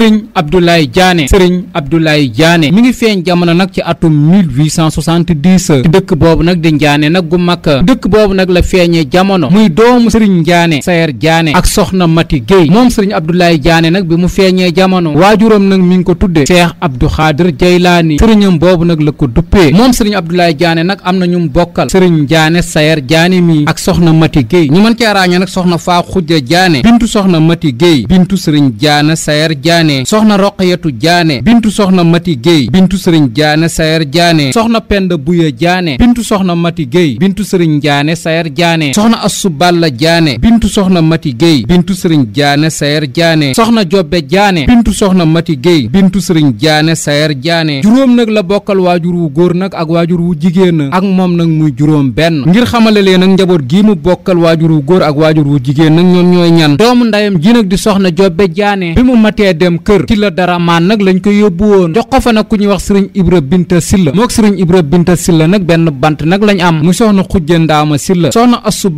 Serigne Abdoulaye Diané Serigne Abdoulaye Diané mi ngi feeñ jamono nag ci atum 1870 ci dëkk boobu nag di Ndiané nag gu mag dëkk boobu nag la feeñee jamono muy doomu Serigne Ndiané Sayer Diané ak soxna Mati Guèye moom Serigne Abdoulaye Diané nag bi mu feeñee jamono waajuram nag mi ngi ko tuddee Cheikh Abdou Khadir Jeylaani sëriñam boobu nag la ko duppee moom Serigne Abdoulaye Diané nag am na ñu bokkal Serigne Diané Sayer Diané mi ak soxna Mati Guèye ñu mën cee ràññee nag soxna Faa Xujja Diané bintu soxna Mati Guèye bintu Serigne Diané Sayer Diané jaane soxna roqayatu jaane bintu soxna mati géey bintu sëriñ jaane sayer jaane soxna penda buya jaane bintu soxna mati géey bintu sëriñ jaane sayer jaane soxna assu balla jaane bintu soxna mati géey bintu sëriñ jaane sayer jaane soxna jobbe jaane bintu soxna mati géey bintu sëriñ jaane sayer jaane juróom nag la bokkal waajur wu góor nag ak waajur wu jigéen ak moom nag muy juróom benn ngir xamale leen nag njaboot gii mu bokkal waajur wu góor ak waajur wu jigéen nag ñoom ñooy ñan doomu ndayam ji di soxna jobbe jaane bi mu matee kër ci la dara maan nag lañ ko yóbbu woon jox fa nag ku ñuy wax sëriñ Ibra Binta Silla mook sëriñ Ibra Binta Silla nag benn bant nag lañ am mu soxna xujja ndaama Silla soxna assu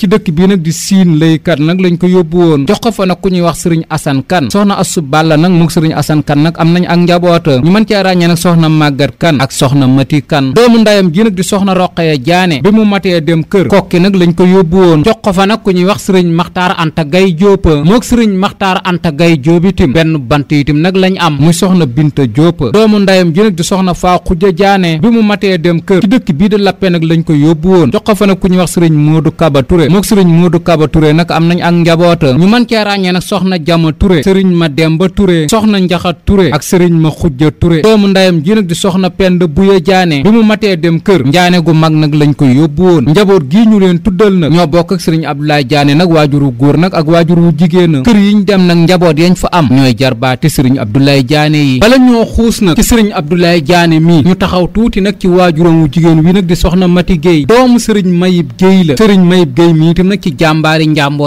ci dëkk bii nag di siin laykat nag lañ ko yóbbu woon ko fa nag ku ñuy wax sëriñ Asan Kan soxna assu balla nag mook sëriñ Asan Kan nag am nañ ak njaboota ñu mën cee ràññee nag soxna màggat kan ak soxna mati kan doomu ndayam ji nag di soxna roqaya jaane bi mu matee dem kër kokki nag lañ ko yóbbu woon jox fa nag ku ñuy wax sëriñ maxtaar anta gay jóopa mook sëriñ maxtaar anta Anta Gaye benn bant itim nag lañ am muy soxna bint Diop doomu ndayam ji nag di soxna Faa Xuja Jaane bi mu matee dem kër dëkk bii di lappe nag lañ ko yóbbu woon jox fa nag ku ñuy wax sëriñ Modou Kaba Touré mook sëriñ Modou Kaba Touré nag am nañ ak njaboota ñu mën cee ràññee nag soxna Jama Touré sëriñ ma Demba Touré soxna Njaxa Touré ak sëriñ ma Xuja Touré doomu ndayam ji di soxna Penda Buya Jaane bi mu matee dem kër njaane gu mag nag lañ ko yóbbu woon njaboot gii ñu leen tuddal nag ñoo bokk ak sëriñ Abdoulaye Jaane nag waajuru góor nag ak waajuru jigéen kër yiñ dem nag njaboot yañ fa am ñooy jarbaate sëriñ Abdoulaye Diané yi bala ñoo xuus nag ci sëriñ Abdoulaye Diané mii ñu taxaw tuuti nag ci waajuram wu jigéen wi nag di soxna Mati Guèye doomu sëriñ Mayib Guèye la sëriñ Mayib Guèye mii itam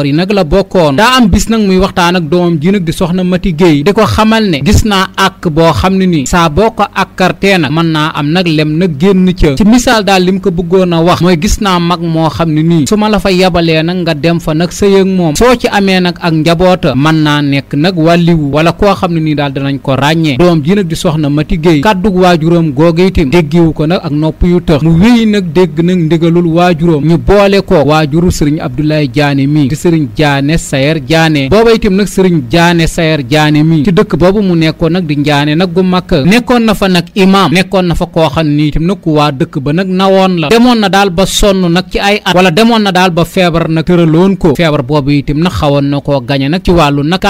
yi nag la bokkoon daa am bis nag muy waxtaan ak doom ji nag di soxna Mati Guèye di ko xamal ne gis naa àkk boo xam ne nii saa boo ko àkkartee nag mën naa am nag lem nag génn ca ci misaal daal lim ko bëggoon a wax mooy gis naa mag moo xam ne nii su ma la fa yabalee nag nga dem fa nag sëy ak moom soo ci amee nag ak njaboota mën naa nekk nag wàlliwu wala koo xam ne nii daal danañ ko ràññee doom ji nag di soxna Mati Gueye kàddug waajuram googu itam déggiwu ko nag ak nopp yu tëx mu wéy nag dégg nag ndigalul waajuram ñu boole ko waajuru sëriñ Abdoulaye Diané mii di sëriñ Diané Sayer Diané booba itam nag sëriñ Diané Sayer Diané mii ci dëkk boobu mu nekkoon nag di Ndiané nag gu mag nekkoon na fa nag imaam nekkoon na fa koo xam ne nii nag ku waa dëkk ba nag nawoon la demoon na daal sonn nag ci ay at na daal ba feebar na koo gañe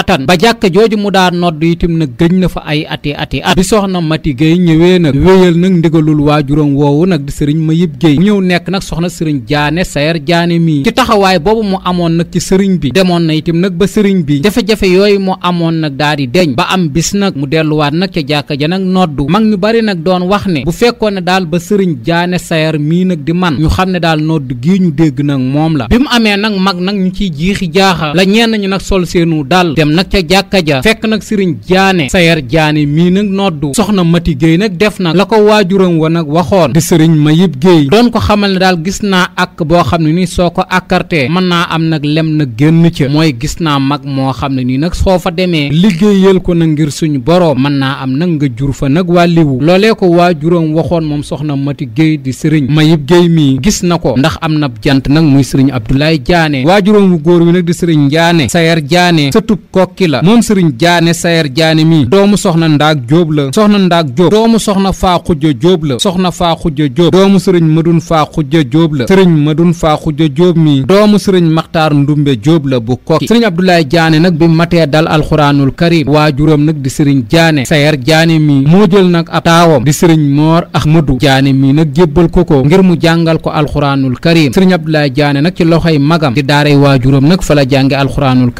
aatan ba jàkk jooju mu daa nodd itam nag gëj na fa ay ati ati at bi soxna Mati Gueye ñëwee nag wéyal nag ndigalul waajuram woowu nag di sëriñ Mayib Gueye mu ñëw nekk nag soxna sëriñ Diané Sayer Diané mii ci taxawaay boobu mu amoon nag ci sëriñ bi demoon na itam nag ba sëriñ bi jafe-jafe yooyu mu amoon nag daa di deñ ba am bis nag mu delluwaat nag ca jàkka ja nag noddu mag ñu bari nag doon wax ne bu fekkoon ne daal ba sëriñ Diané Sayer mii nag di man ne daal noddu gii ñu dégg nag moom la bi mu amee nag mag nag ñu ciy jiixi jaaxa la ñenn ñu nag nag ca jàkka ja fekk nag sëriñ jaane sayar jaane mii nag noddu soxna mati géey nag def nag la ko waajuram wa nag waxoon di sëriñ mayib géey doon ko xamal ne daal gis naa ak boo xam ne ni soo ko akkartee mën naa am nag lem na génn ca mooy gis naa mag moo xam ne nii nag soo fa demee liggéeyal ko nag ngir suñu boroom mën naa am nag nga jur fa nag wàlliwu loolee ko waajuram waxoon moom soxna mati géey di sëriñ mayib géey mii gis na ko ndax am na jant nag muy sëriñ abdoulaye jaane waajuram wu góor wi nag di sëriñ jaane sayar jaane sëtub kokki la moom sëriñ jaane sayer jaane mii doomu soxna ndaak jóob la soxna ndaak jóob doomu soxna faa xujja jóob la soxna faa xujja jóob doomu sëriñ madun faa xujja jóob la sëriñ madun faa xujja jóob mii doomu sëriñ maxtaar ndumbe jóob la bu kokki sëriñ abdoulaye jaane nag bi matee dal alxuraanul karim waajuram nag di sëriñ jaane sayer jaane mii moo jël nag ab taawam di sëriñ moor ahmadu jaane mii nag jébbal ko ko ngir mu jàngal ko alxuraanul karim sëriñ abdoulaye jaane nag ci loxoy magam di daaray waajuram nag fa la jànge alxuraanul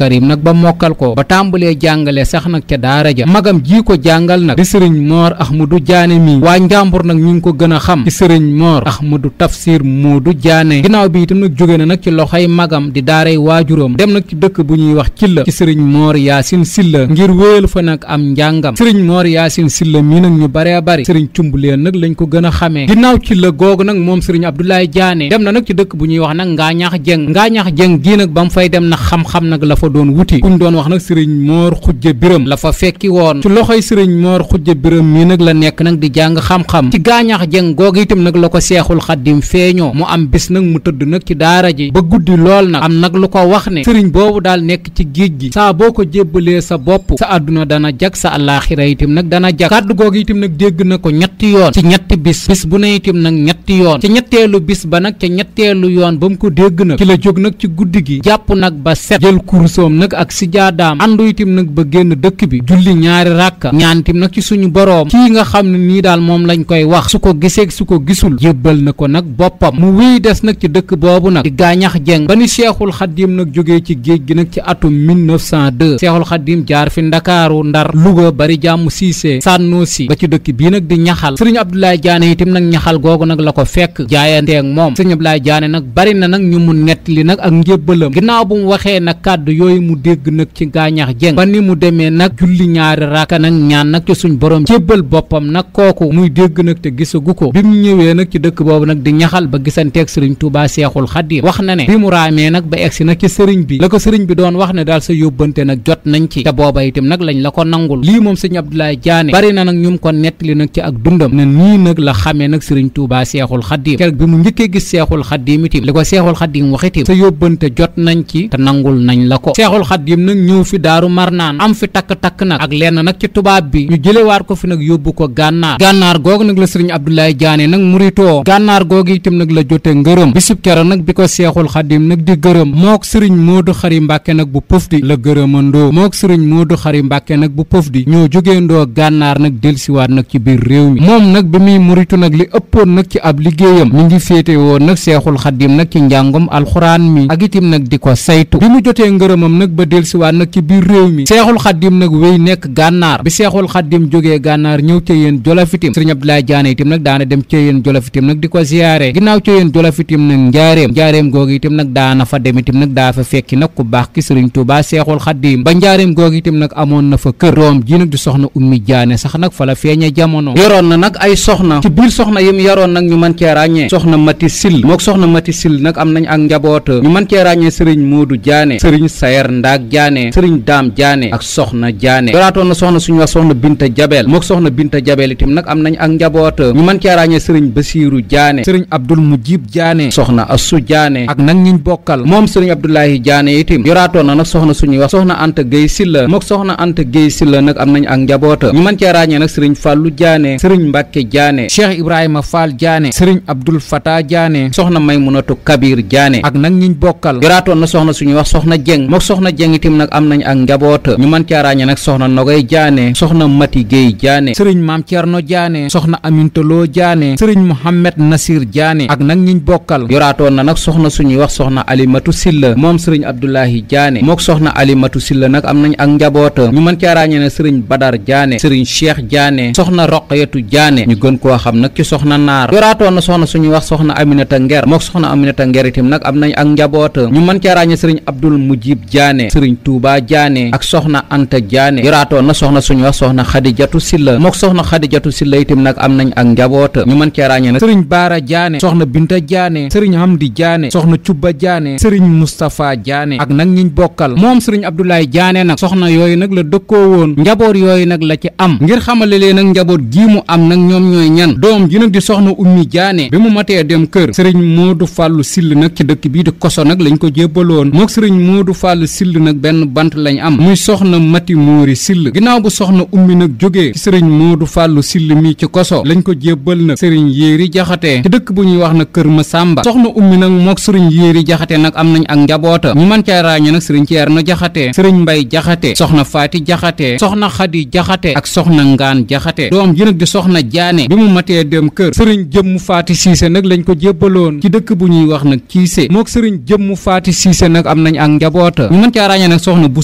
baaxoo ba tàmbalee jàngale sax nag ca daara ja magam jii ko jàngal nag di sëriñ moor du jaane mii waa njàmbur nag ñu ngi ko gën a xam ci sëriñ moor axmadu tafsir moodu jaane ginnaaw bi itam nag jóge na nag ci loxoy magam di daaray waajuram dem nag ci dëkk bu ñuy wax ci la ci sëriñ moor yaasin silla ngir wéelu fa nag am njàngam sëriñ moor yaasin silla mii nag ñu baree bari sëriñ cumbuleen nag lañ ko gën a xamee ginnaaw ci la googu nag moom sëriñ abdoulaye jaane dem na nag dëkk bu ñuy wax nag ngaa ñaax jeng ngaa nag ba mu fay dem na la sëriñ moor xujja biram la fa fekki woon ci loxoy sëriñ moor xujja biram mii nag la nekk nag di jàng xam-xam ci gaañax jeng googu itam nag la ko seexul xaddim feeñoo mu am bis nag mu tëdd nag ci daara ji ba guddi lool nag am nag lu ko wax ne sëriñ boobu daal nekk ci géej gi saa boo ko jébbalee sa bopp sa àdduna dana jag sa àllaaxira itam nag dana jag kàddu googu itam nag dégg na ko ñetti yoon ci ñetti bis bis bu ne itam nag ñetti yoon ci ñetteelu bis ba nag ca ñetteelu yoon ba mu ko dégg nag ci nag ci guddi gi lislaam andu itam nag ba génn dëkk bi julli ñaari ràkka ñaantim nag ci suñu boroom kii nga xam ne nii daal moom lañ koy wax su ko giseeg su ko gisul jébbal na ko nag boppam mu wéy des nag ci dëkk boobu nag di gaañax jeng ba ni seexul xaddiim nag jógee ci géej gi nag ci atum 1902 seexul xaddiim jaar fi ndakaaru ndar luga bari jàmm siisee sànnoo si ba ci dëkk bii nag di ñaxal sëriñ Abdoulaye Diané itam nag ñaxal googu nag la ko fekk jaayanteeg moom sëriñ Abdoulaye Diané nag bari na nag ñu mu Issa Ñax Jeng ba ni mu demee nag julli ñaari raaka nag ñaan nag ci suñ borom jébbal boppam nag kooku muy dégg nag te gisagu ko bi mu ñëwee nag ci dëkk boobu nag di ñaxal ba gisanteeg sëriñ Tuubaa Seexul Xadiim wax na ne bi mu raamee nag ba egsi nag ci sëriñ bi la ko sëriñ bi doon wax ne daal sa yóbbante nag jot nañ ci te booba itam nag lañ la ko nangul lii moom sëñ Abdoulaye Diané bari na nag ñu ko nettali nag ci ak dundam ne nii nag la xamee nag sëriñ Tuubaa Seexul Xadiim keroog bi mu njëkkee gis Seexul Xadiim itam li ko Seexul Xadiim wax itam sa yóbbante jot nañ ci te nangul fi daaru marnaan am fi takk-takk nag ak lenn nag ci tubaab bi ñu jëlewaat ko fi nag yóbbu ko gànnaar gànnaar googu nag la sëriñ Abdoulaye Diané nag muritoo gànnaar googu itam nag la jote ngërëm bisub kero nag bi ko seexul xadim nag di gërëm mook sëriñ Moodu Xari Mbàkke nag bu pëf di la gërëmandoo mook sëriñ Moodu Xari Mbàkke nag bu pëf di ñoo ndoo gànnaar nag delsiwaat nag ci biir réew mi moom nag bi muy muritu nag li ëppoon nag ci ab liggéeyam mi ngi woon nag seexul xadim nag ci njàngum alxuraan mi ak itim nag di ci biir réew mi seexul xaddim nag wéy nekk gànnaar bi seexul xaddim jógee gànnaar ñëw ca yéen jolafitim sëriñ Abdoulaye Diané itam nag daana dem ca yéen jolafitim nag di ko ziyaare ginnaaw ca yéen jolafitim nag njaareem njaareem googu itam nag daana fa dem itam nag daa fa fekki nag ku baax ki sëriñ Tuubaa seexul xaddim ba njaareem googu itam nag amoon na fa kër room ji nag di soxna ummi Diané sax nag fa la feeñe jamono yoroon na nag ay soxna biir soxna yim yaroon nag ñu mën cee ràññee soxna mati sil mook soxna mati sil nag am nañ ak njaboot ñu mën cee ràññee sëriñ Moodu Diané sëriñ Sayer Ndaak Diané sëriñ daam jaane ak soxna jaane na soxna suñu wax soxna binta jabeel mook soxna binta jabeel itam nag am nañ ak njaboot ñu mën cee ràññee sëriñ basiiru jaane sëriñ abdul mujib jaane soxna assu jaane ak nag ñiñ bokkal moom sëriñ abdoulahi jaane itam yoraatoon na nag soxna suñuy wax soxna anta géy silla mook soxna anta géy silla nag am nañ ak njaboot ñu mën cee ràññee nag sëriñ fàllu jaane sëriñ mbàkke jaane cheikh ibrahima fall jaane sëriñ abdul fata jaane soxna maymunatu kabir jaane ak nag ñiñ bokkal yoraatoon na soxna suñuy wax soxna jeng mook soxna jeng itam nag am na nañ ak njaboot ñu mën caa ràññee nag soxna Nogay Diané soxna Mati Guèye Diané sëriñ Maam Thierno Diané soxna Aminta Lo Diané sëriñ Mouhamed Nasir Diané ak nag ñiñ bokkal yoraatoon na nag soxna suñuy wax soxna Alimatu Silla moom sëriñ Abdoulahi Diané mook soxna Alimatu Silla nag am nañ ak njaboot ñu man caa ràññee nag sëriñ Badar Diané sëriñ Cheikh Diané soxna Roqayatu Diané ñu gën koo xam nag ci soxna Naar yoraatoon na soxna suñuy wax soxna Aminata Nger mook soxna Aminata Nger itam nag am nañ ak njaboot ñu mën caa sëriñ Abdul jaane ak soxna anta jaane yoraatoon na soxna suñu wax soxna xadijatu silla mook soxna xadijatu silla itam nag am nañ ak njaboota ñu mën cee ràññee nag sëriñ baara jaane soxna binta jaane sëriñ hamdi jaane soxna cubba jaane sëriñ mustapha jaane ak nag ñiñ bokkal moom sëriñ abdoulaye jaane nag soxna yooyu nag la dëkkoo woon njaboot yooyu nag la ci am ngir xamale leen nag njaboot gii mu am nag ñoom ñooy ñan doom ji nag di soxna ummi jaane bi mu matee dem kër sëriñ moodu fàllu sill nag ci dëkk bii di koso nag lañ ko jébbaloon mook sant lañ am muy soxna mati móori sill ginnaaw bu soxna ummi nag jógee ci sëriñ du fàllu sill mi ci koso lañ ko jébbal nag sëriñ yéeri jaxate ci dëkk bu ñuy wax na kër ma sàmba soxna ummi nag mook sëriñ yéeri jaxate nag am nañ ak njaboota ñu mën caa ràññe nag sëriñ ceerno jaxate sëriñ mbay jaxate soxna faati jaxate soxna xadi jaxate ak soxna ngaan jaxate doom ji nag di soxna jaane bi mu matee dem kër sëriñ jëmm faati siise nag lañ ko jébbaloon ci dëkk bu ñuy wax nag ciise mook sëriñ jëmmu faati siise nag am nañ ak njaboota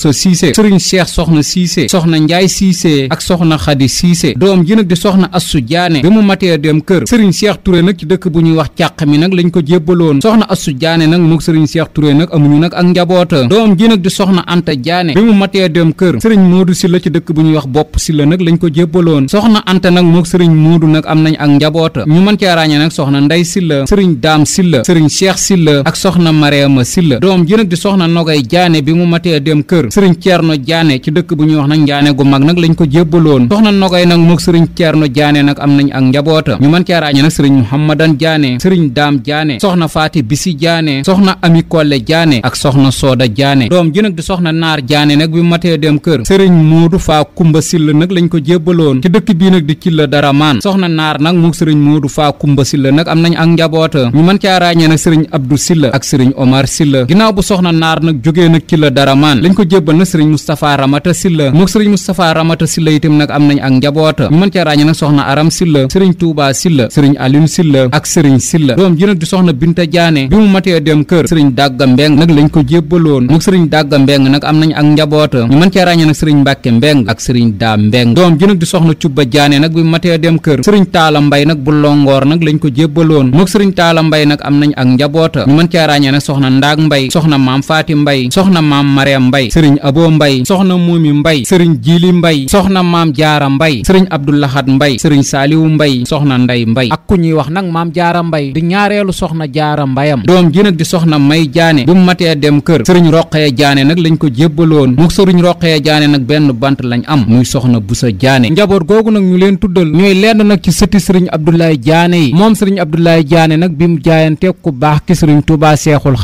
Bousso Cissé Serigne Cheikh Soxna Cissé Soxna Ndiaye Cissé ak Soxna Khady Cissé doom ji nag di Soxna Assu Diané bi mu matee dem kër Serigne Cheikh Touré nag ci dëkk bu ñuy wax càq mi nag lañ ko jébbaloon Soxna Assu Diané nag mook Serigne Cheikh Touré nag amuñu nag ak njaboota doom ji nag Soxna Anta Diané bi dem kër Serigne Modou Sylla ci dëkk bu ñuy wax Bopp Sylla nag lañ ko jébbaloon Soxna Anta nag mook Serigne Modou nag am nañ ak njaboota ñu mën cee ràññee nag Soxna Ndey Sylla Serigne daam Sylla Serigne Cheikh silla ak Soxna Mariama silla doom ji nag di Soxna Nogay jaane bi mu matee dem kër sëriñ Thierno Diané ci dëkk bu ñuy wax nag Ndiané gu mag nag lañ ko jébbaloon soxna Nogay nag mook sëriñ Thierno Diané nag am nañ ak njaboota ñu mën cee ràññee nag sëriñ Mouhamadan Diané sëriñ Daam Diané soxna Faati Bisi Diané soxna Ami Kolle Diané ak soxna Sooda Diané doom ji soxna Naar Diané nag bi matee dem kër sëriñ Moodu Faa Kumba Sill nag lañ ko jébbaloon ci dëkk bii nag di Cilla Daramaan soxna Naar nag mook sëriñ Moodu Faa Kumba Silla nag am nañ ak njaboota ñu mën cee ràññee nag sëriñ Abdou Silla ak sëriñ Omar Silla ginnaaw bu soxna Naar nag jógee nag Cilla Daramaan lañ ko jébbal na sëriñ Moustapha Ramata Silla mook sëriñ Moustapha Ramata Silla itam nag am nañ ak njaboota ñu mën cee ràññe nag soxna Aram Silla sëriñ Touba Silla sëriñ Alioune Silla ak sëriñ Silla doom ji nag di soxna Binta Jaane bi mu matee dem kër sëriñ Dàgga Mbeng nag lañ ko jébbaloon sëriñ Dàgga Mbeng nag am nañ ak njaboota ñu mën cee ràññe sëriñ Mbàkke Mbeng ak sëriñ Daa Mbeng doom ji di soxna Cubba Jaane nag bi mu matee dem kër sëriñ Taala Mbay nag bu longoor nag lañ ko jébbaloon mook sëriñ Taala Mbay nag am nañ ak njaboota mën cee ràññe nag soxna Ndaag Mbay soxna Maam Faati Mbay soxna Maam Mariam Mbay sëriñ Abo Mbay soxna Muumi Mbay sëriñ Jili Mbay soxna Maam Jaara Mbay sëriñ Abdoulahat Mbay sëriñ Saaliwu Mbay soxna Nday Mbay ak ku ñuy wax nag Maam Jaara Mbay di ñaareelu soxna Jaara Mbayam doom ji nag di soxna May Jaane bu matee dem kër sëriñ Roqee Jaane nag lañ ko jébbaloon mu sëriñ Roqee Jaane nag benn bant lañ am muy soxna Busa Jaane njaboot googu nag ñu leen tuddal ñooy lenn nag ci sëti sëriñ Abdoulaye Jaane yi moom sëriñ Abdoulaye Jaane nag bi mu jaayante ku baax ki sëriñ Tuubaa Seexul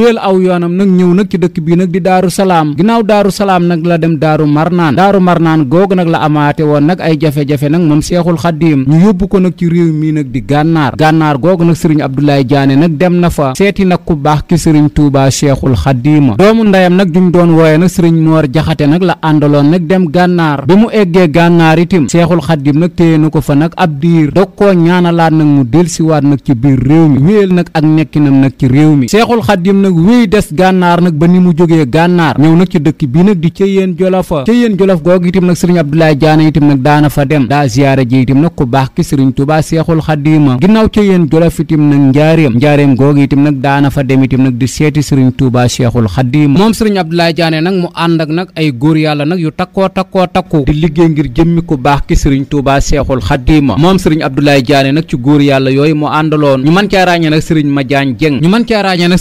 wéel aw yoonam nag ñëw nag ci dëkk bii nag di daaru salaam ginnaaw daaru salaam nag la dem daaru marnaan daaru marnaan googu nag la amaate woon nag ay jafe-jafe nag moom seexul xaddiim ñu yóbbu ko nag ci réew mii nag di gànnaar gànnaar googu nag sëriñ Abdoulaye Diané nag dem na fa seeti nag ku baax ki sëriñ Touba seexul xaddiima doomu ndeyam nag juñ doon wooye nag sëriñ Noor Jaxate nag la àndaloon nag dem gànnaar bi mu eggee gànnaar itim seexul xaddiim nag téye na ko fa nag dog koo ñaanalaat nag mu delsiwaat nag ci biir réew mi nag ak nekkinam nag ci réew mi nag wéy des gànnaar nag ba ni mu jógee gànnaar ñëw nag ci dëkk bii nag di Ceyeen Jolofa Ceyeen Jolof googu itam nag sëriñ Abdoulaye Diané itam nag daana fa dem daa ziyaara ji itam nag ku baax ki sëriñ Tuubaa Seexul Xadiima ginnaaw Ceyeen Jolof itam nag njaareem njaareem googu itam nag daana fa dem itam nag di seeti sëriñ Tuubaa Seexul Xadiima moom sëriñ Abdoulaye Diané nag mu ànd ak nag ay góor yàlla nag yu takkoo takkoo takku di liggéey ngir jëmmi ku baax ki sëriñ Tuubaa Seexul Xadiima moom sëriñ Abdoulaye Diané nag ci góor yàlla yooyu mu àndaloon ñu mën caa ràññee nag sëriñ Madiagne Dieng ñu mën caa ràññee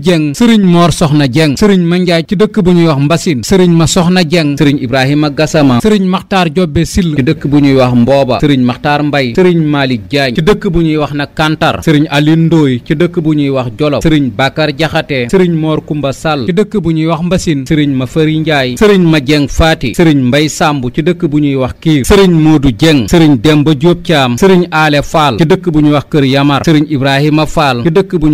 Dieng sëriñ Mor Soxna Dieng sëriñ Mandiaye ci dëkk bu ñuy wax Mbassine sëriñ Ma Soxna Dieng sëriñ Ibrahima Gassama sëriñ Makhtar Jobbe Sill ci dëkk bu ñuy wax Mbooba sëriñ Makhtar Mbay sëriñ Malick Diagne ci dëkk bu ñuy wax nag Kantar sëriñ Aline Ndoye ci dëkk bu ñuy wax Jolof sëriñ Bakar Jaxate sëriñ Mor Kumba Sall ci dëkk bu ñuy wax Mbassine sëriñ Ma Fari Ndiaye sëriñ Ma Dieng Faati sëriñ Mbay sàmbu ci dëkk bu ñuy wax Kiir sëriñ Moodu Dieng sëriñ Demba Diop Thiam sëriñ Ale Fall dëkk bu ñuy wax Kër Yamar sëriñ Ibrahima Fall ci dëkk bu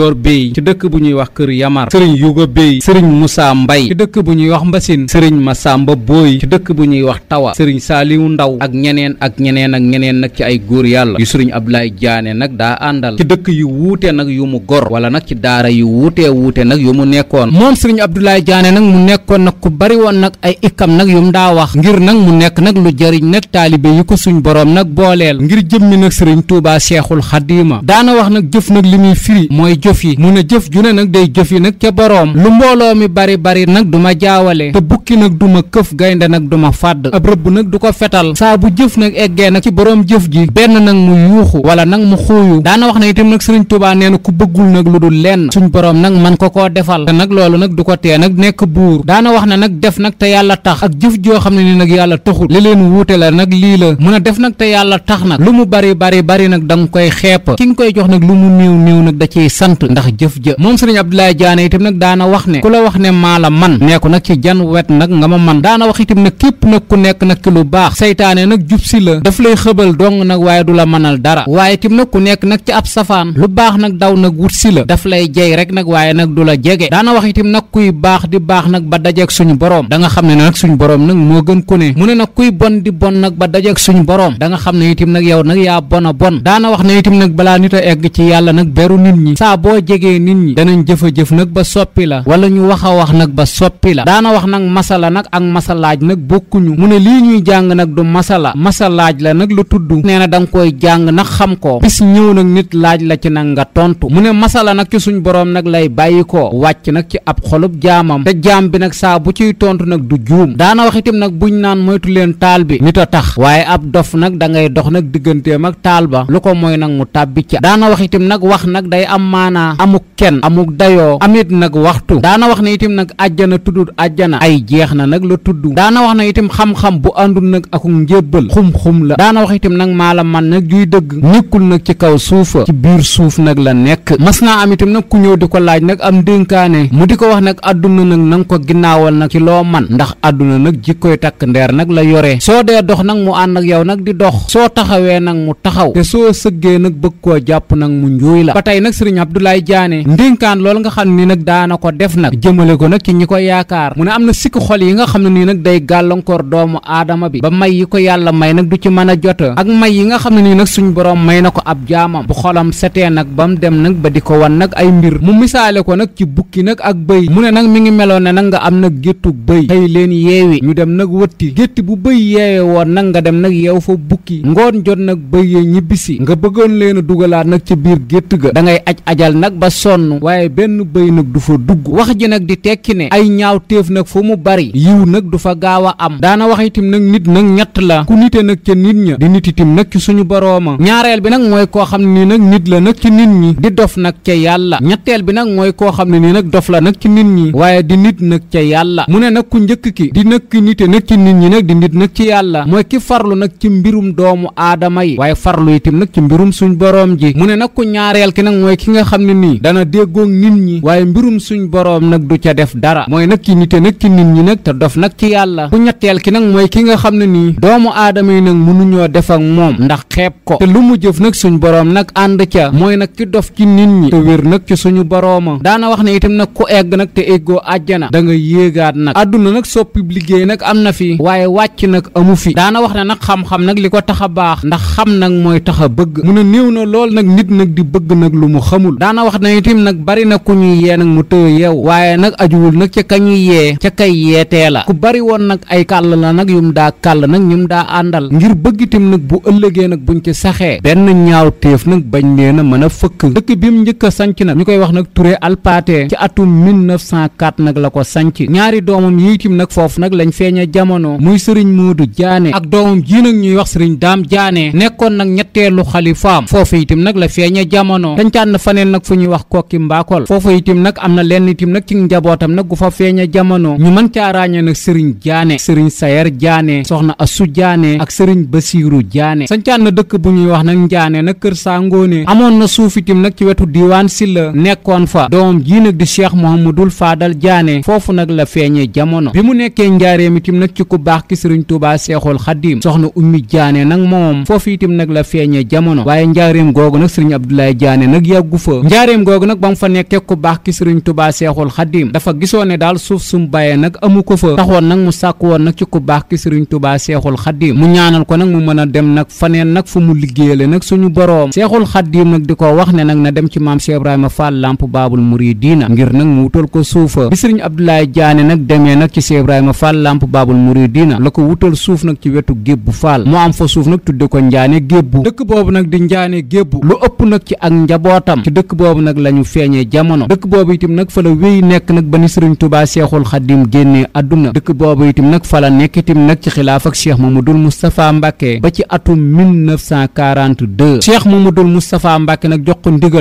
Joor Bey ci dëkk bu ñuy wax Kër Yamar sëriñ Yuga Bey sëriñ Moussa Mbay ci dëkk bu ñuy wax Mbasin sëriñ Masamba Booy ci dëkk bu ñuy wax Tawa sëriñ Saaliwu Ndaw ak ñeneen ak ñeneen ak ñeneen nag ci ay góor yàlla yu sëriñ Ablaay Jaane nag daa àndal ci dëkk yu wuute nag yu mu gor wala nag ci daara yu wuute wuute nag yu mu nekkoon moom sëriñ Abdoulaye Jaane nag mu nekkoon nag ku bari woon nag ay ikam nag yu mu daa wax ngir nag mu nekk nag lu jariñ nag taalibe yi ko suñ boroom nag booleel ngir jëmmi nag sëriñ Tuubaa Seexul Xadiima jëf yi mu ne jëf ju ne nag day jëf yi nag ca boroom lu mbooloo mi bari bari nag du ma jaawale te bukki nag du ma këf gaynde nag du ma fàdd ab rëbb nag du ko fetal saa bu jëf nag eggee nag ci boroom jëf ji benn nag mu yuuxu wala nag mu xuuyu daana wax na itam nag sëriñ tubaa nee na ku bëggul nag lu dul lenn suñ boroom nag man ko koo defal te nag loolu nag du ko tee nag nekk buur daana wax na nag def nag te yàlla tax ak jëf joo xam ne ni nag yàlla taxul li leen wuute la nag lii la def nag te yàlla tax nag lu mu bari bari bari nag da nga koy sant ndax jëf jë moom sëriñ Abdoulaye Diané itam nag daana wax ne ku la wax ne maa la man nee ko nag ci jan wet nag nga ma man daana wax itam nag képp nag ku nekk nag ci lu baax seytaane nag jub si la daf lay xëbal dong nag waaye du la mënal dara waaye itam nag ku nekk nag ci ab safaan lu baax nag daw nag wut si la daf lay jey rek nag waaye nag du la jege daana wax itam nag kuy baax di baax nag ba dajeeg suñu boroom da nga xam ne nag suñu borom nag moo gën ku ne mu ne nag kuy bon di bon nag ba dajeeg suñu borom da nga xam ne itam nag yow nag yaa bon a bon wax ne itam nag balaa nit a yàlla nag boo jegee nit ñi danañ nag ba soppi la wala ñu wax a wax nag ba soppi la daana wax nag masala nag ak masalaaj nag bokkuñu mu ne lii ñuy jàng nag du masala masalaaj la nag lu tudd nee na da nga koy jàng nag xam ko bis ñëw nag nit laaj la ci nag nga tontu mu ne masala nag ci suñ boroom nag lay bàyyi ko wàcc nag ci ab xolub jaamam te jaam bi nag saa bu ciy tontu nag du juum daana wax itam nag buñ naan moytu leen taal bi nit a tax waaye ab dof nag dangay dox nag digganteem ak taal ba lu ko mooy nag mu tàbbi ca daana wax itam nag wax nag day am maanaa amuk kenn amuk dayoo amit nag waxtu daana wax na itam nag àjjana tuddut àjjana ay jeex na nag la tudd daana wax na itam xam-xam bu àndul nag akuk njébbal xum-xum la daana wax itam nag maa la man nag juy dëgg nekkul nag ci kaw suufa ci biir suuf nag la nekk mas naa am itam nag ku ñëw di ko laaj nag am dénkaane mu di ko wax nag àdduna nag na nga ko ginnaawal nag ci loo man ndax àdduna nag jikkoy takk ndeer nag la yore soo dee dox nag mu ànd ak yow nag di dox soo taxawee nag mu taxaw te soo sëggee nag bëgg Abdoulaye Diané ndénkaan loolu nga xam ni nag daana ko def nag jëmale ko nag ci ñi ko yaakaar mu ne am na sikk xol yi nga xam ne nii nag day gàllankoor doomu aadama bi ba may yi ko yàlla may nag du ci mën a jot ak may yi nga xam ne nii nag suñu borom may na ko ab jaamam bu xolam setee nag ba mu dem nag ba di ko won nag ay mbir mu misaale ko nag ci bukki nag ak bëy mu ne nag mi ngi meloon ne nag nga am nag géttu bëy xëy leen yeewi ñu dem nag wëtti gétti bu bëy yeewe woon nag nga dem nag yeew fa bukki ngoon jot nag bëy yee ñibbisi nga bëggoon leen a dugalaat nag ci biir gétt fexeel nag ba sonn waaye benn bëy nag du fa dugg wax ji nag di tekki ne ay ñaaw téef nag fu mu bari yiw nag du fa gaaw a am daana wax itim nag nit nag ñett la ku nite nag ca nit ña di nit itim nag ci suñu borooma ñaareel bi nag mooy koo xam ne nii nag nit la nag ci nit ñi di dof nag ca yàlla ñetteel bi nag mooy koo xam ne nii nag dof la nag ci nit ñi waaye di nit nag ca yàlla mu ne nag ku njëkk ki di nag nite nag nit ñi nag di nit nag ci yàlla mooy ki farlu nag ci mbirum doomu aadama yi waaye farlu itim nag ci mbirum suñ boroom ji xam ne nii dana déggoo nit ñi waaye mbirum suñ boroom nag du ca def dara mooy nag ki nite nag ci nit ñi nag te dof nag ci yàlla ki nag mooy ki nga xam ne nii doomu aadama yi nag mënuñoo def ak moom ndax xeeb ko lu mu jëf nag suñ boroom nag ànd ca mooy nag ki dof ci nit ñi te wér nag ci suñu borooma daana wax ne itam nag ku egg nag te eggoo àjjana da nga yéegaat nag àdduna nag soppi liggéey nag am na fi waaye wàcc nag amu fi daana wax na nag xam-xam nag li ko tax a baax ndax xam nag mooy tax a bëgg mu ne néew na lool nag nit nag di bëgg nag lu mu xamul daana wax na itam nag bari na ku ñuy yee nag mu tëye yeew waaye nag ajuwul nag ca kañuy yee ca kay yeetee la ku bari woon nag ay kàll la nag yum daa kàll nag ñum daa àndal ngir bëgg itam nag bu ëllëgee nag buñ ci saxee benn ñaaw téef nag bañ leen a mën a fëkk dëkk bi mu njëkk a nag ñu koy wax nag Touré alpaate ci atum 1904 nag la ko sanc ñaari doomam yi itam nag foofu nag lañ feeña jamono muy sëriñ Moodu Jaane ak doomam ji nag ñuy wax sëriñ Daam Jaane nekkoon nag ñetteelu xalifaam foofu itam nag la feeña jamono nag fu ñuy wax kokki mbaakol foofu itim nag am na lenn itim nag ci njabootam nag gu fa feeña jamono ñu mën caa ràññee nag sëriñ jaane sëriñ sayer jaane soxna asu jaane ak sëriñ basiiru jaane sañcaan na dëkk bu ñuy wax nag njaane nag kër sàngoone amoon na suuf itim nag ci wetu diiwaan silla nekkoon fa doom jii nag di cheikh mohamadul faadal jaane foofu nag la feeñee jamono bi mu nekkee njaareem itim nag ci ku baax ki sëriñ tuubaa seexul xaddiim soxna ummi jaane nag moom foofu itim nag la feeñee jamono waaye njaareem googu nag sëriñ abdoulaye jaane nag yàggu fa njaareem googu nag ba mu fa nekkee ku baax ki sëriñ tubaa seexul xaddiim dafa gisoon ne daal suuf sum bàyyee nag amu ko fa taxoon nag mu sàkk woon nag ci ku baax ki sëriñ tubaa seexul xaddiim mu ñaanal ko nag mu mën a dem nag faneen nag fu mu liggéeyale nag suñu boroom seexul xaddiim nag di ko wax ne nag na dem ci maam Cheikh Ibrahima Fall lamp baabul muridiina ngir nag mu wutal ko suufa bi sëriñ Abdoulaye Diané nag demee nag ci Cheikh Ibrahima Fall lamp baabul muridiina la ko wutal suuf nag ci wetu gébbu Fall moo am fa suuf nag tudde ko njaane gébbu dëkk boobu nag di njaane gébbu lu ëpp nag ci ak njabootam ci dëkk boobu nag la ñu feeñee jamono dëkk boobu itam nag fa la wéy nekk nag ba ni sëriñ Tuubaa Seexul Xaddim génnee àdduna dëkk boobu itam nag fa la nekk nag ba ci atum 1942 Cheikh Mamadul Moustapha nag jox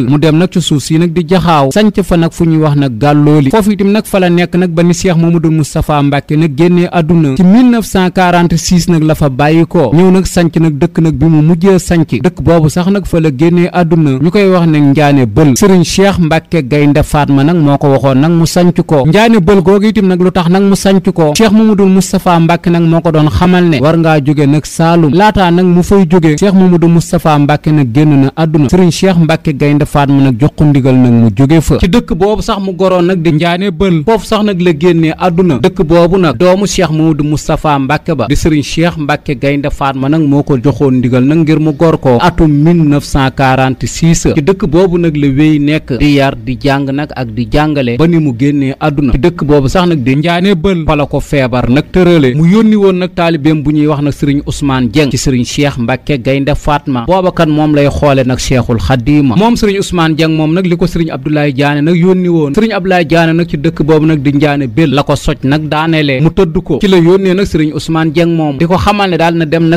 mu dem nag ci suuf si di jaxaaw sanc fa nag fu ñuy wax nag gàllooli foofu itam nag fa la nekk nag ba ni Cheikh Mamadul Moustapha Mbacke nag génnee àdduna ci 1946 nag la fa bàyyi ko ñëw nag sanc nag dëkk nag bi mu mujjee sanc dëkk boobu sax nag fa la génnee àdduna ñu koy wax nag njaane bël bël sëriñ cheikh mbàkke gaynde faatma nag moo ko waxoon nag mu sanc ko njaane bël googu itam nag lu tax nag mu sanc ko cheikh mamadul moustapha mbàkke nag moo ko doon xamal ne war ngaa jóge nag saalum laataa nag mu fay jóge cheikh mamadul moustapha mbàkke nag génn na àdduna sëriñ cheikh mbàkke gaynde faatma nag jox ko ndigal nag mu jóge fa ci dëkk boobu sax mu goroon nag di njaane bël foofu sax nag la génnee àdduna dëkk boobu nag doomu cheikh mamadou moustapha mbàkke ba di sëriñ cheikh mbàkke gaynde faatma nag moo ko nag ngir mu gor ko atum 1946 ci dëkk boobu wéy nekk di yar di jàng nag ak di jàngale ba ni mu génnee àdduna ci dëkk boobu sax nag di njaanee bël fa la ko feebar nag tërale mu yónni woon nag taalibeem bu ñuy wax nag sëriñ Ousmane Dieng ci sëriñ Cheikh Mbacke Gaynde Fatma booba kan moom lay xoole nag Cheikhul Xadima moom sëriñ Ousmane Dieng moom nag li ko sëriñ Abdoulaye Diané nag yónni woon sëriñ Abdoulaye Diané nag ci dëkk boobu nag di njaane bël la ko soj nag daanelee mu tëdd ko ci la yónnee nag sëriñ Ousmane Dieng moom di ko xamal ne daal na dem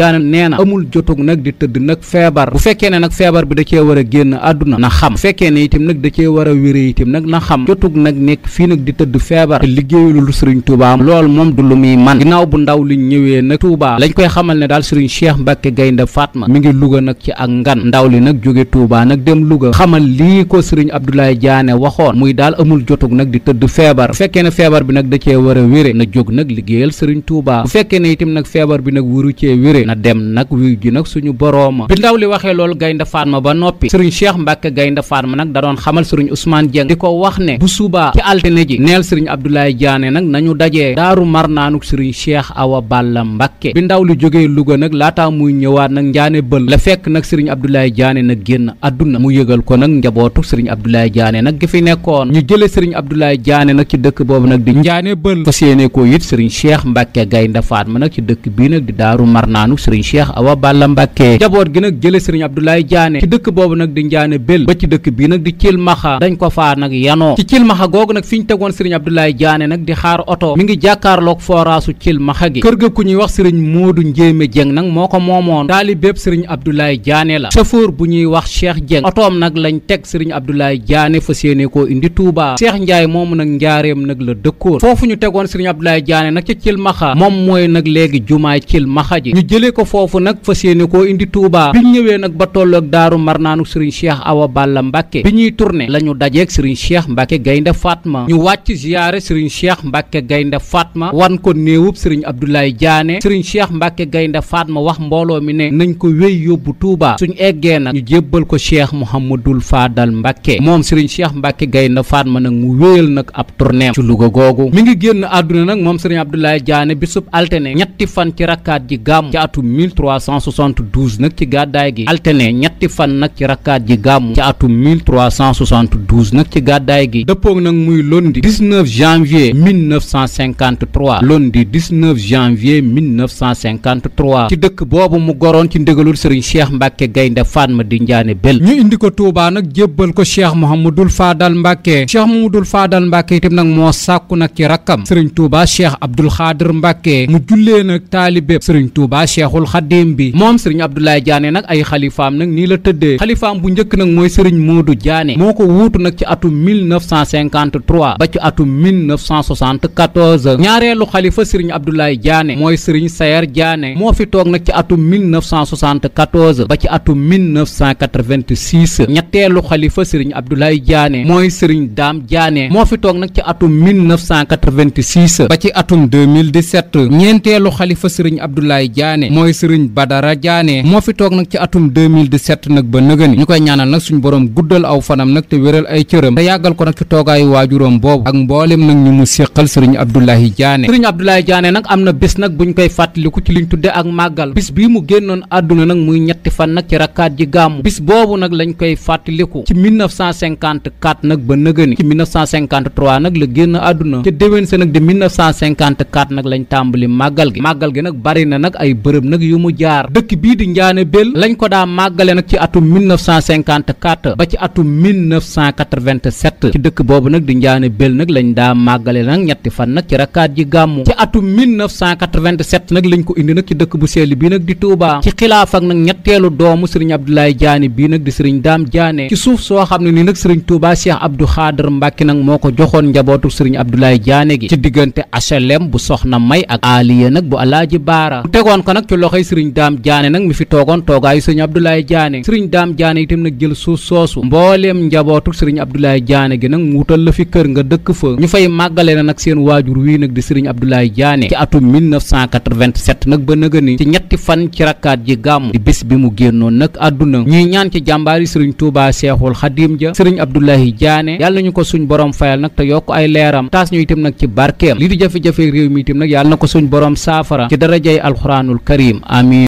na amul jotug nag di tëdd nag feebar feebar bu fekkee ne nag feebar bi da cee war a génn àdduna na xam bu fekkee ne itam nag da cee war a wéré itam nag na xam jotug nag nekk fii nag di tëdd feebar te liggéeyul sëriñ Touba lool moom du lu muy man ginnaaw bu ndaw li ñëwee nag Touba lañ koy xamal ne daal sëriñ Cheikh Mbacke Gaynde Fatma mi ngi Louga nag ci ak ngan ndaw li nag jóge Touba nag dem luga xamal lii ko sëriñ Abdoulaye Diané waxoon muy daal amul jotug nag di tëdd feebar bu fekkee ne feebar bi nag da cee war a na jóg nag liggéeyal sëriñ Touba fekkee ne itam nag feebar bi nag wuru cee wéré na dem nag nag suñu borooma li waxee loolu Gaynde Fatma ba noppi sëriñ Cheikh Mbacke Gaynde Fatma nag da doon xamal sëriñ Ousmane Dieng di ko wax ne bu subaa ci altine ji neel sëriñ Abdoulaye Diané nag nañu dajee daaru mar naanuk sëriñ Cheikh Awa Balla Mbacke ndaw lu jógee Louga nag laataa muy ñëwaat nag njaane bël la fekk nag sëriñ Abdoulaye Diané nag génn àdduna mu yëgal ko nag njabootu sëriñ Abdoulaye Diané nag gi fi nekkoon ñu jële sëriñ Abdoulaye jaane nag ci dëkk boobu nag di njaane bël fas seene ko it sëriñ Cheikh Mbacke Gaynde Fatma nag ci dëkk bii nag di daaru mar naanuk sëriñ Cheikh Awa Balla Mbacke jële sëriñ Abdoulaye Diané ci dëkk boobu nag di Ndiané Bel ba ci dëkk bii nag di Cilmaxa dañ ko faa nag yanoo ci Cilmaxa googu nag fi ñu tegoon sëriñ Abdoulaye Diané nag di xaar oto mi ngi jàkkaarloog foraasu Cilmaxa gi kër ga ku ñuy wax sëriñ Moodu Njéeme Jeng nag moo ko moomoon taalibeeb sëriñ Abdoulaye Diané la chauffeur bu ñuy wax seex Jeng otoom nag lañ teg sëriñ Abdoulaye Diané fa séene koo indi Touba seex Ndiaye moomu nag njaareem nag la dëkkoon foofu ñu tegoon sëriñ Abdoulaye Diané nag ca Cilmaxa moom mooy nag léegi jumaay Cilmaxa ji ñu jëlee ko foofu ñëwee nag ba tolloog daaru marnaanu sëriñ cheikh awa balla mbàkke bi ñuy tourné la ñu dajeeg sëriñ cheikh mbàkke gaynde faatma ñu wàcc ziyaare sëriñ cheikh mbàkke gaynde faatma wan ko néewub sëriñ abdoulaye diaane sëriñ cheikh mbàkke gaynde faatma wax mbooloo mi ne nañ ko wéy yóbbu tuuba suñ eggee nag ñu jébbal ko cheikh mouhamadul faadal mbàkke moom sëriñ cheikh mbàkke gaynde faatma nag mu wéyal nag ab tournéem ci Louga googu mi ngi génn àdduna nag moom sëriñ abdoulaye diaane bisub altene ñetti fan ci rakkaat ji gàmm ci atum gàddaay gi altene ñetti fan nag ci rakkaat ji gàmmu ci atum 1372 nag ci gàddaay gi dëppoog nag muy lundi 19 janvier 1953 lundi 19 janvier 1953 ci dëkk boobu mu goroon ci ndigalul sëriñ Cheikh Mbacke Gaynde Fatma di Ndiané Bel ñu indi ko Touba nag jébbal ko Cheikh Mouhamadul Fadal Mbacke Cheikh Mouhamadul Fadal Mbacke itam nag moo sàkku nag ci rakkam sëriñ Touba Cheikh Abdoul Khadir Mbacke mu jullee nag taalibe sëriñ Touba Cheikhul Khadim bi moom sëriñ Abdoulaye Diané nag ay ay xalifaam nag nii la tëddee xalifaam bu njëkk nag mooy sëriñ Modou Diané moo ko wuutu nag ci atum 1953 ba ci atum 1974 ñaareelu xalifa sëriñ Abdoulaye Diané mooy sëriñ Sayer Diané moo fi toog nag ci atum 1974 ba ci atum 1986 ñetteelu xalifa sëriñ Abdoulaye Diané mooy sëriñ Dame Diané moo fi toog nag ci atum 1986 ba ci atum 2017 ñeenteelu xalifa sëriñ Abdoulaye Diané mooy sëriñ Badara Diané moo fi toog nag ci atum atum 2017 nag ba nëgëni ñu koy ñaanal nag suñu borom guddal aw fanam nag te wéral ay cëram te yàggal ko nag ci toogaayu waajuróom boobu ak mboolem nag ñu mu am na bés nag buñ koy fàttaliku ci liñ tudde ak màggal bis bii mu génnoon àdduna nag muy ñetti fan nag ci rakkaat ji gàmmu bis boobu nag lañ koy fàttaliku ci 1954 nag ba nëgëni ci nag la génn àdduna ca déwén sa nag di 1954 nag lañ tàmbali màggal gi màggal gi nag bari na nag ay bërëb nag yu mu jaar dëkk bii di Njaane Bel dañ ko daa màggale nag ci atum 1954 ba ci atum 1987 ci dëkk boobu nag di njaane bél nag lañ daa màggale nag ñetti fan nag ci rakkaat ji gàmmu ci atum 1987 nag lañ ko indi nag ci dëkk bu sell bii nag di Touba ci xilaaf ak nag ñetteelu doomu sëriñ Abdoulaye Diané bii nag di sëriñ Daam Diané ci suuf soo xam ne ni nag sëriñ Touba Cheikh Abdou Khader Mbacke nag moo ko joxoon njabootu sëriñ Abdoulaye Diané gi ci diggante HLM bu Soxna May ak Aliya nag bu Alaaji Baara mu tegoon ko mooy sëriñ Abdoulaye Diané sëriñ Daam Diané itam nag jël suuf soosu mbooleem njabootu sëriñ Abdoulaye Diané gi nag mu wutal la fi kër nga dëkk fa ñu fay màggale na nag seen waajur wii nag di sëriñ Abdoulaye Diané ci atum 1987 nag ba nëga ni ci ñetti fan ci rakkaat ji gàmm di bés bi mu génnoon nag àdduna ñuy ñaan ci jàmbaari sëriñ Touba Seexul Xadim ja sëriñ Abdoulaye Diané yàlla ñu ko suñ borom fayal nag te yokk ay leeram taas ñu itam nag ci barkeem li